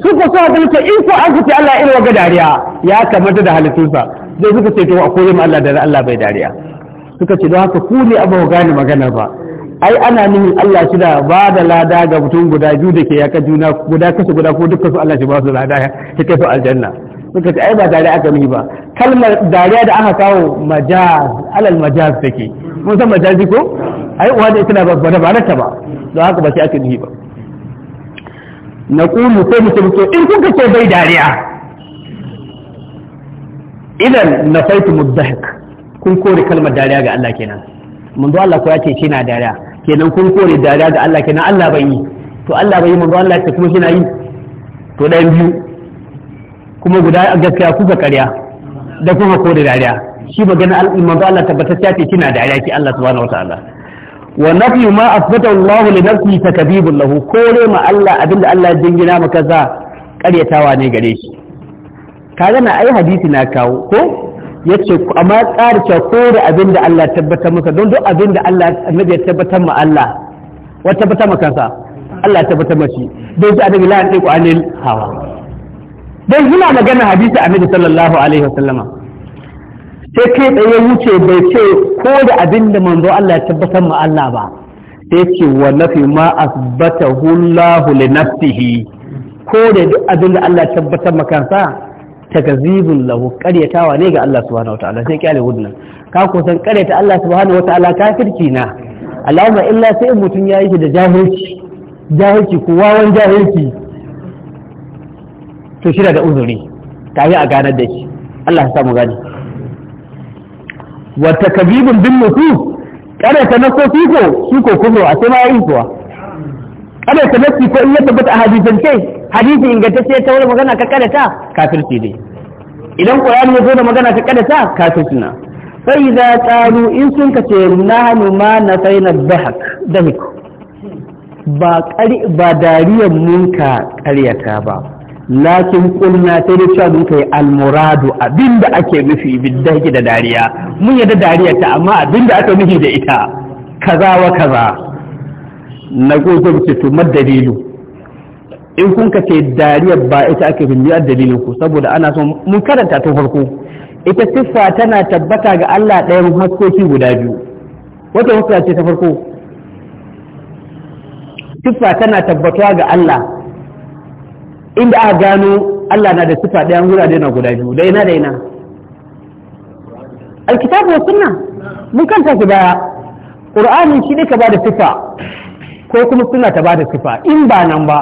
su ko suka ga ce in ko an fice Allah irin waga dariya ya kamata da halittunsa zai suka ce to akwai mu Allah da Allah bai dariya suka ce don haka ku ne abu gane magana ba ai ana nuni Allah shi da ba da lada ga mutum guda biyu da ke ka juna guda kasu guda ko dukkan su Allah shi ba su lada ya kai su aljanna suka ce ai ba dariya aka nufi ba kalmar dariya da aka kawo majaz alal majaz take mun san majazi ko ai uwa da tana ba da ba ba don haka ba shi ake nihi ba na kulu sai mu ce in kun kace bai dariya idan na faitu mudahik kun kore kalmar dariya ga Allah kenan mun zo Allah ko ya ce shi na dariya kenan kun kore dariya ga Allah kenan Allah bai yi to Allah bai yi mun zo Allah ce kuma shi na yi to ɗayan biyu kuma guda gaskiya kuka karya da kuma kore dariya shi magana manzo Allah tabbatacciya ce kina dariya ki Allah subhanahu wataala wa nafi ma asbata Allah li nafsi takdibun lahu kore ma Allah abinda Allah ya dingina maka za karyatawa ne gare shi kaga na ai hadisi na kawo ko yace amma tsari ta kore abinda Allah tabbatar maka don duk abinda Allah annabi ya tabbatar ma Allah wa tabbatar maka Allah ya tabbatar mashi don shi annabi hawa magana hadisi annabi sallallahu alaihi sai kai tsaye wuce bai ce ko da abin da manzo Allah ya tabbatar ma Allah ba sai ce wa nafi ma asbata Allah li nafsihi ko da duk abin da Allah ya tabbatar ma kansa takazibun lahu karyatawa ne ga Allah subhanahu wataala sai kyale wannan ka ko san karyata Allah subhanahu wataala kafirci na alama illa sai mutum ya yi da jahilci jahilci ko wawan jahilci to shira da uzuri ta yi a ganar da shi Allah ya samu gani Wata takdibun bin mutu, kada ta naso ko shi ko kufru a sai ma yayi kuwa kada ta nasi ko in ya tabbata a hadisance hadisi in ga ta ta wani magana ka kada ta kafirci ne idan qur'ani ya zo da magana ka kada ta kafirci na fa idza qalu in sun kace nahnu ma nasaina dhahak dahik ba ƙari ba dariyan mun ka ƙaryata ba lakin kulna sai dai cewa mun kai almuradu abinda ake nufi biddaki da dariya mun yadda dariya ta amma abinda aka nufi da ita kaza wa kaza na gozo ce to dalilu in kun ka ce dariyar ba ita ake bindiyar dalilin ku saboda ana son mun karanta ta farko ita siffa tana tabbata ga Allah ɗayan haskoki guda biyu wata hukunta ce ta farko siffa tana tabbatuwa ga Allah inda aka gano Allah na da sifa ɗaya da na guda biyu da ina da ina alkitabu wa sunna mun kanta su baya qur'ani shi ne ka ba da sifa ko kuma sunna ta ba da sifa in ba nan ba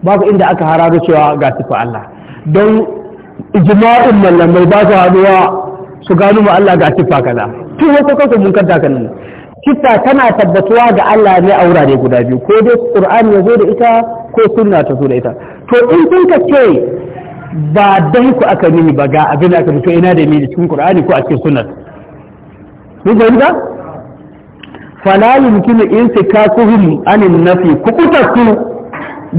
babu inda aka hararo cewa ga sifa Allah don ijma'in mallamai ba su haduwa su gano mu Allah ga sifa kaza tun wasu kansu mun kanta kan nan sifa tana tabbatuwa ga Allah ne a wurare guda biyu ko dai qur'ani ya zo da ita ko sunna ta zo da ita to in kun ka ce ba dan ku aka nini ba ga abin da aka fito ina da ni da cikin Qur'ani ko a cikin sunna mun ga ba fala yumkinu insikakuhum an nafi ku kutasu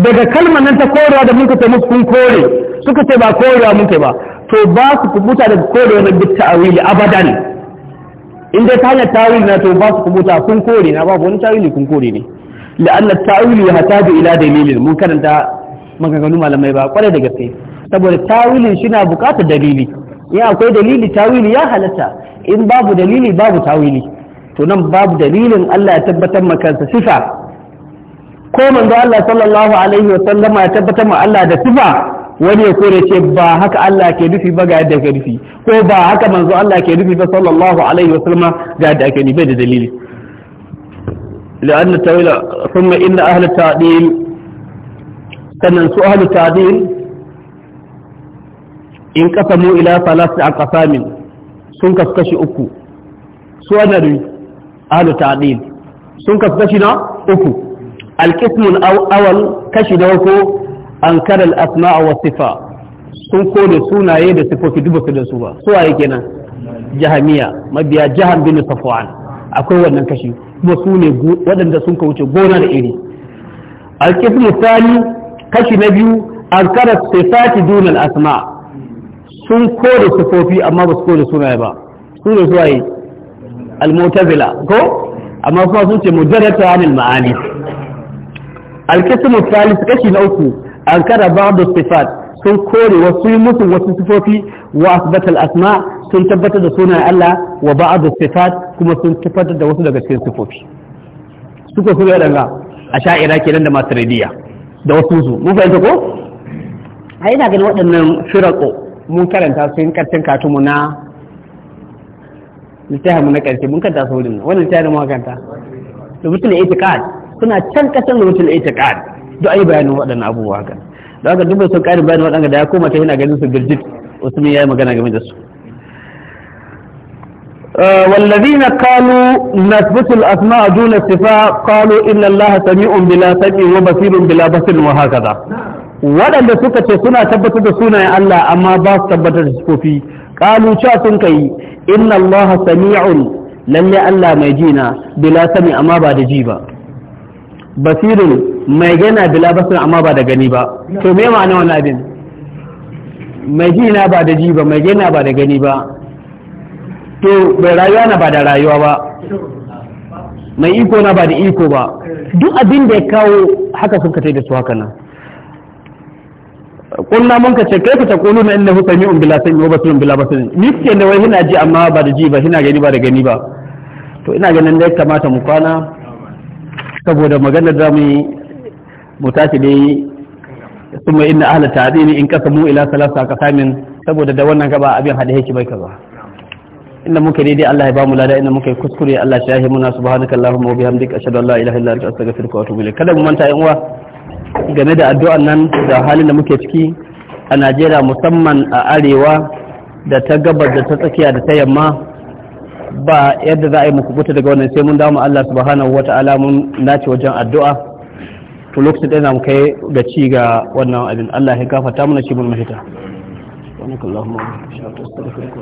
daga kalmar nan ta korewa da muka musu kun kore suka ce ba korewa muka ba to ba su kubuta daga korewa na bit ta'awili abadan in dai ta hanyar tawili na to ba su kubuta kun kore na babu wani tawili kun kore ne la'anna ta'awili ya hataji ila dalilin mun karanta maganganu malamai ba kwarai da gaske saboda tawilin shi na bukatar dalili in akwai dalili tawili ya halatta in babu dalili babu tawili to nan babu dalilin Allah ya tabbatar ma kansa sifa ko manzo Allah sallallahu alaihi wa sallama ya tabbatar ma Allah da sifa wani ya kore ce ba haka Allah ke nufi ba ga yadda ke nufi ko ba haka manzo Allah ke nufi ba sallallahu alaihi wa sallama ga yadda ake nufi da dalili la'anna tawila thumma inna ahli ta'dil sannan su ahlu ta'dil in qasamu ila salasi aqsamin sun kaskashi uku su anabi ahlu ta'dil sun kaskashi na uku القسم الأول كشدوكو أنكر الأسماء wasifa sun kone sunaye da sifofi duba su da su ba su waye kenan jahamiya mabiya jahan bin safwan akwai wannan kashi kuma su ne waɗanda sun wuce gona da iri alkismu sani kashi na biyu ankara sifati dunal asma sun kore sifofi amma ba su kore sunaye ba su ne suwaye al-mu'tazila ko amma kuma sun ce mujarrata anil ma'ani al-qism al-thalith kashi na uku ankara ba'd sifat sun kore wasu yi musu wasu sifofi wa asbatal asma sun tabbatar da sunayen Allah wa ba'd sifat kuma sun tabbatar da wasu daga cikin sifofi suka kuma yadda a sha'ira kenan da masu maturidiyya da wasu su mun fahimta ko a ina ganin waɗannan firako mun karanta su yin karshen katunmu na littafin mu na karshe mun karanta su wurin wani littafin mu karanta rubutul itiqad suna can kasan rubutul itiqad duk ayi bayanin waɗannan abubuwa haka da haka duk sun ƙarin bayanin waɗanda da ya koma ta yana ganin su girgit usman ya yi magana game da su والذين قالوا نثبت الأسماء دون الصفاء قالوا إن الله سميع بلا سمع وبصير بلا بصر وهكذا waɗanda suka ce suna tabbatar da sunayen Allah amma ba su tabbatar da sifofi kalu cewa sun kai inna Allah sami'un lalle Allah mai ji na bila sami amma ba da ji ba basirin mai gana bila basir amma ba da gani ba to me ma'ana wannan abin mai ji na ba da ji ba mai gana ba da gani ba to mai rayuwa na ba da rayuwa ba mai iko na ba da iko ba duk abin da ya kawo haka sun tai da su haka nan kunna mun ka ce kai ka taqulu na innahu sami'un bila sami'u wa basirun bila basir ni ce da wai hina ji amma ba da ji ba hina gani ba da gani ba to ina ganin da ya kamata mu kwana saboda maganar da mu mu tashi dai kuma inna ahla ta'dini in kasamu ila salasa kasamin, saboda da wannan gaba abin hada yake bai kaza inda muka daidai Allah ya bamu lada inda muka yi kuskure Allah ya yahe muna subhanaka allahumma wa bihamdika ashhadu an la ilaha illa anta astaghfiruka wa atubu ilayk kada mu manta yan uwa game da addu'an nan da halin da muke ciki a Najeriya musamman a arewa da ta gabar da ta tsakiya da ta yamma ba yadda za a yi muku kuta daga wannan sai mun damu Allah subhanahu wa ta'ala mun nace wajen addu'a to lokacin da na mu kai ga ci ga wannan abin Allah ya gafarta mana shi mun mahita wa nakallahu wa